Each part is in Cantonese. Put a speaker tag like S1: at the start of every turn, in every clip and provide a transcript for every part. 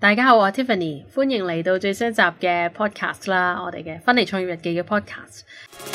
S1: 大家好，我係 Tiffany，歡迎嚟到最新集嘅 Podcast 啦，我哋嘅芬尼創業日記嘅 Podcast。Pod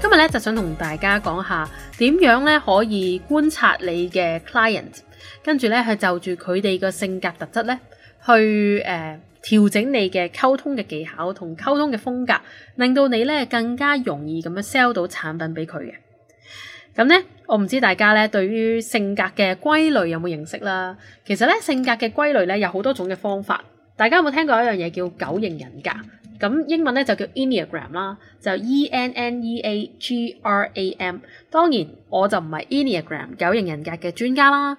S1: 今日咧就想同大家講下，點樣咧可以觀察你嘅 client，跟住咧去就住佢哋嘅性格特質咧。去誒、呃、調整你嘅溝通嘅技巧同溝通嘅風格，令到你咧更加容易咁樣 sell 到產品俾佢嘅。咁呢，我唔知大家咧對於性格嘅歸類有冇認識啦。其實咧性格嘅歸類咧有好多種嘅方法，大家有冇聽過一樣嘢叫九型人格？咁英文咧就叫 Enneagram 啦，就 E-N-N-E-A-G-R-A-M。當然我就唔係 Enneagram 九型人格嘅專家啦。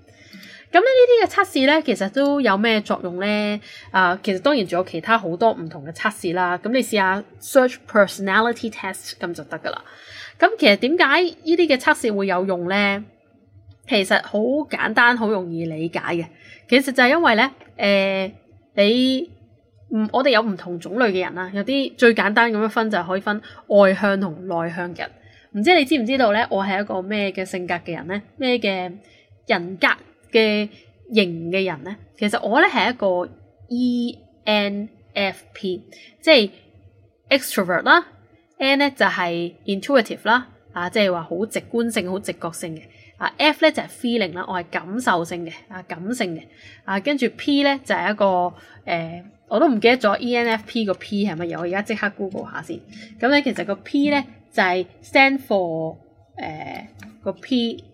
S1: 咁呢啲嘅測試咧，其實都有咩作用咧？啊、呃，其實當然仲有其他好多唔同嘅測試啦。咁你試下 search personality test 咁就得噶啦。咁其實點解呢啲嘅測試會有用咧？其實好簡單，好容易理解嘅。其實就係因為咧，誒、呃，你唔我哋有唔同種類嘅人啦。有啲最簡單咁樣分就係、是、可以分外向同內向嘅人。唔知你知唔知道咧？我係一個咩嘅性格嘅人咧？咩嘅人格？嘅型嘅人咧，其實我咧係一個 E N F P，即係 extrovert 啦，N 咧就係 intuitive 啦，啊即係話好直觀性、好直覺性嘅，啊 F 咧就係 feeling 啦，我係感受性嘅，啊感性嘅，啊跟住 P 咧就係一個誒、呃，我都唔記得咗 E N F P 個 P 係乜嘢，我而家即刻 Google 下先。咁、嗯、咧其實個 P 咧就係、是、stand for 誒、呃、個 P。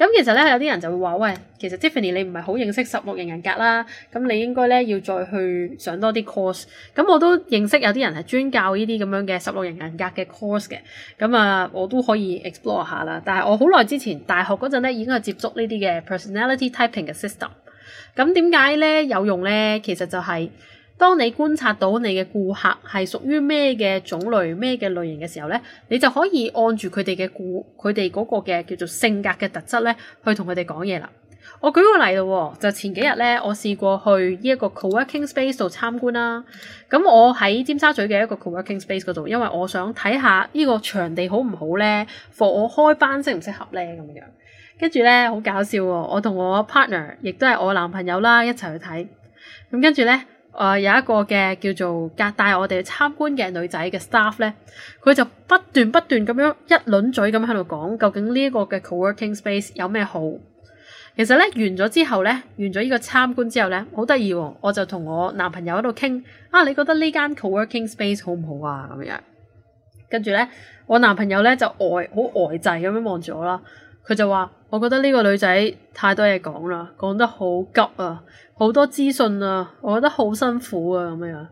S1: 咁其實咧，有啲人就會話：喂，其實 Tiffany 你唔係好認識十六型人格啦，咁你應該咧要再去上多啲 course。咁我都認識有啲人係專教呢啲咁樣嘅十六型人格嘅 course 嘅，咁啊我都可以 explore 下啦。但係我好耐之前大學嗰陣咧已經係接觸呢啲嘅 personality typing 嘅 system。咁點解咧有用咧？其實就係、係。當你觀察到你嘅顧客係屬於咩嘅種類、咩嘅類型嘅時候咧，你就可以按住佢哋嘅顧佢哋嗰個嘅叫做性格嘅特質咧，去同佢哋講嘢啦。我舉個例咯，就前幾日咧，我試過去呢一個 co-working space 度參觀啦、啊。咁我喺尖沙咀嘅一個 co-working space 嗰度，因為我想睇下呢個場地好唔好咧，for 我開班適唔適合咧咁樣。跟住咧好搞笑喎、啊，我同我 partner 亦都係我男朋友啦一齊去睇咁，跟住咧。誒、呃、有一個嘅叫做隔帶我哋去參觀嘅女仔嘅 staff 咧，佢就不斷不斷咁樣一輪嘴咁喺度講，究竟呢個嘅 co-working space 有咩好？其實咧完咗之後咧，完咗呢個參觀之後咧，好得意喎！我就同我男朋友喺度傾啊，你覺得呢間 co-working space 好唔好啊？咁樣跟住咧，我男朋友咧就呆好呆滯咁樣望住我啦。佢就話：我覺得呢個女仔太多嘢講啦，講得好急啊，好多資訊啊，我覺得好辛苦啊咁樣。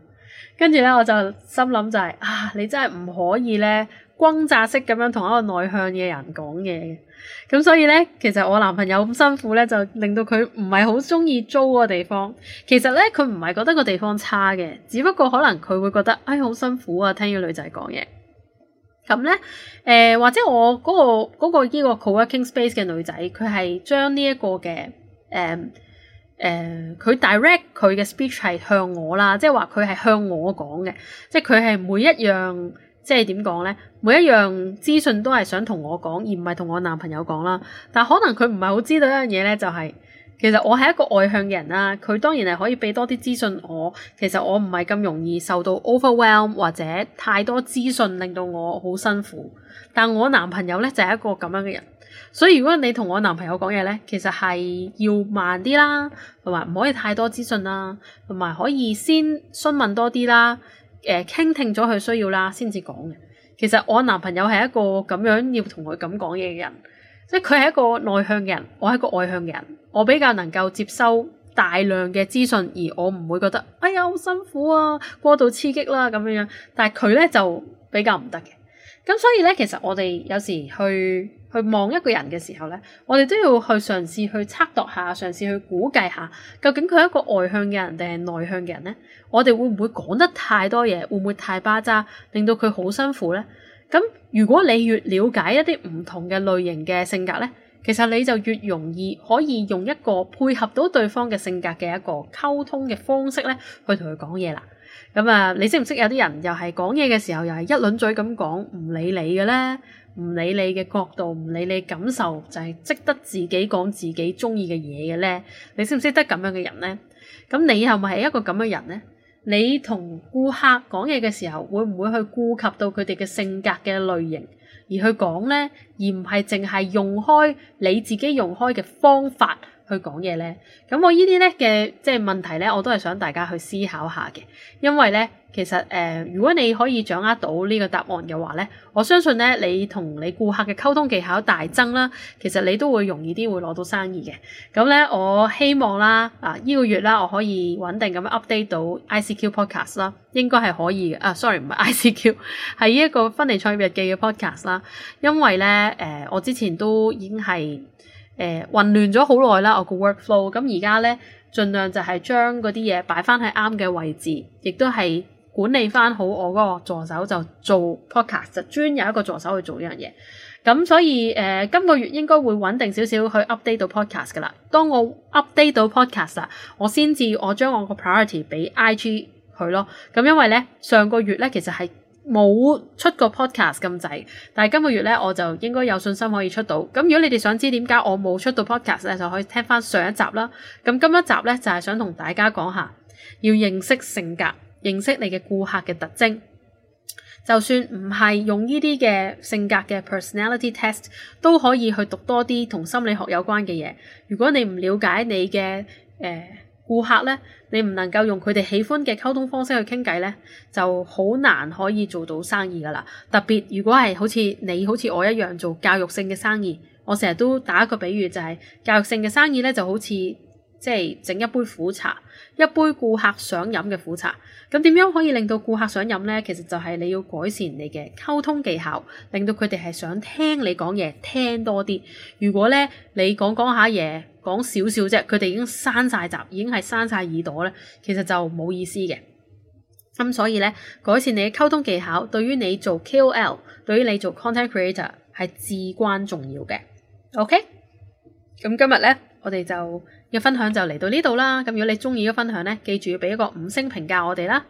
S1: 跟住咧，我就心諗就係啊，你真係唔可以咧，轟炸式咁樣同一個內向嘅人講嘢嘅。咁所以咧，其實我男朋友咁辛苦咧，就令到佢唔係好中意租個地方。其實咧，佢唔係覺得個地方差嘅，只不過可能佢會覺得，唉，好辛苦啊，聽呢個女仔講嘢。咁咧，誒、呃、或者我嗰、嗰個呢、嗰個、呢個 co-working space 嘅女仔，佢係將呢一個嘅誒誒，佢、呃呃、direct 佢嘅 speech 係向我啦，即係話佢係向我講嘅，即係佢係每一樣即係點講咧，每一樣資訊都係想同我講，而唔係同我男朋友講啦。但可能佢唔係好知道一樣嘢咧，就係、係。其實我係一個外向嘅人啦、啊，佢當然係可以畀多啲資訊我。其實我唔係咁容易受到 overwhelm 或者太多資訊令到我好辛苦。但我男朋友咧就係、是、一個咁樣嘅人，所以如果你同我男朋友講嘢咧，其實係要慢啲啦，同埋唔可以太多資訊啦，同埋可以先詢問多啲啦，誒、呃、傾聽咗佢需要啦先至講嘅。其實我男朋友係一個咁樣要同佢咁講嘢嘅人。即係佢係一個內向嘅人，我係一個外向嘅人，我比較能夠接收大量嘅資訊，而我唔會覺得，哎呀好辛苦啊，過度刺激啦咁樣。但係佢咧就比較唔得嘅。咁所以咧，其實我哋有時去去望一個人嘅時候咧，我哋都要去嘗試去測度下，嘗試去估計下，究竟佢係一個外向嘅人定係內向嘅人咧？我哋會唔會講得太多嘢，會唔會太巴喳，令到佢好辛苦咧？咁如果你越了解一啲唔同嘅類型嘅性格咧，其實你就越容易可以用一個配合到對方嘅性格嘅一個溝通嘅方式咧，去同佢講嘢啦。咁啊，你識唔識有啲人又係講嘢嘅時候又係一輪嘴咁講，唔理你嘅咧，唔理你嘅角度，唔理你感受，就係識得自己講自己中意嘅嘢嘅咧？你識唔識得咁樣嘅人咧？咁你係咪係一個咁樣嘅人咧？你同顧客講嘢嘅時候，會唔會去顧及到佢哋嘅性格嘅類型而去講呢，而唔係淨係用開你自己用開嘅方法？去講嘢咧，咁我呢啲咧嘅即係問題咧，我都係想大家去思考下嘅，因為咧其實誒、呃，如果你可以掌握到呢個答案嘅話咧，我相信咧你同你顧客嘅溝通技巧大增啦，其實你都會容易啲會攞到生意嘅。咁、嗯、咧我希望啦，啊依、呢個月啦，我可以穩定咁 update 到 ICQ podcast 啦，應該係可以嘅，啊，sorry 唔係 ICQ，係呢一個芬尼創業日記嘅 podcast 啦，因為咧誒、呃，我之前都已經係。誒、呃、混亂咗好耐啦，我個 workflow 咁、嗯、而家咧，盡量就係將嗰啲嘢擺翻喺啱嘅位置，亦都係管理翻好我嗰個助手就做 podcast 就專有一個助手去做呢樣嘢。咁、嗯、所以誒、呃，今個月應該會穩定少少去 update 到 podcast 噶啦。當我 update 到 podcast 我先至我將我個 priority 俾 IG 佢咯。咁、嗯、因為咧上個月咧其實係。冇出個 podcast 咁滯，但係今個月咧我就應該有信心可以出到。咁如果你哋想知點解我冇出到 podcast，就可以聽翻上一集啦。咁今一集咧就係、是、想同大家講下，要認識性格，認識你嘅顧客嘅特徵。就算唔係用呢啲嘅性格嘅 personality test，都可以去讀多啲同心理學有關嘅嘢。如果你唔了解你嘅誒，呃顧客咧，你唔能夠用佢哋喜歡嘅溝通方式去傾偈咧，就好難可以做到生意㗎喇。特別如果係好似你好似我一樣做教育性嘅生意，我成日都打一個比喻就係、是、教育性嘅生意咧，就好似。即係整一杯苦茶，一杯顧客想飲嘅苦茶。咁點樣可以令到顧客想飲呢？其實就係你要改善你嘅溝通技巧，令到佢哋係想聽你講嘢，聽多啲。如果咧你講講下嘢，講少少啫，佢哋已經閂晒閘，已經係閂晒耳朵咧，其實就冇意思嘅。咁、嗯、所以呢，改善你嘅溝通技巧，對於你做 KOL，對於你做 Content Creator 係至關重要嘅。OK，咁今日呢。我哋就嘅、這個、分享就嚟到呢度啦，咁如果你鍾意嘅分享咧，記住要俾一個五星評價我哋啦，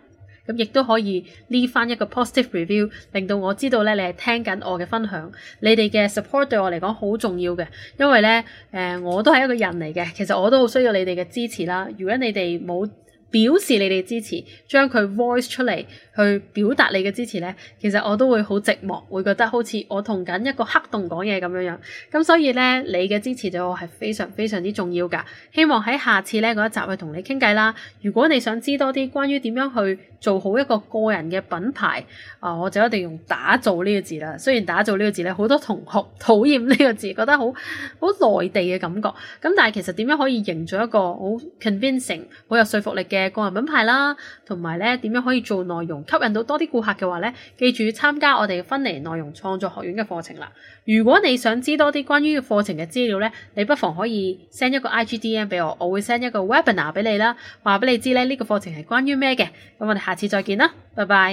S1: 咁亦都可以 leave 翻一個 positive review，令到我知道咧你係聽緊我嘅分享，你哋嘅 support 對我嚟講好重要嘅，因為咧誒、呃、我都係一個人嚟嘅，其實我都好需要你哋嘅支持啦，如果你哋冇表示你哋支持，將佢 voice 出嚟，去表達你嘅支持咧，其實我都會好寂寞，會覺得好似我同緊一個黑洞講嘢咁樣樣，咁所以咧，你嘅支持對我係非常非常之重要㗎。希望喺下次咧一集去同你傾偈啦。如果你想知多啲關於點樣去做好一個個人嘅品牌，啊、呃，我就一定用打造呢個字啦。雖然打造呢個字咧，好多同學討厭呢個字，覺得好好內地嘅感覺，咁但係其實點樣可以營造一個好 convincing、好有說服力嘅？嘅個人品牌啦，同埋咧點樣可以做內容吸引到多啲顧客嘅話咧，記住參加我哋芬尼內容創作學院嘅課程啦。如果你想知多啲關於課程嘅資料咧，你不妨可以 send 一個 IGDM 俾我，我會 send 一個 webinar 俾你啦。話俾你知咧，呢個課程係關於咩嘅？咁我哋下次再見啦，拜拜。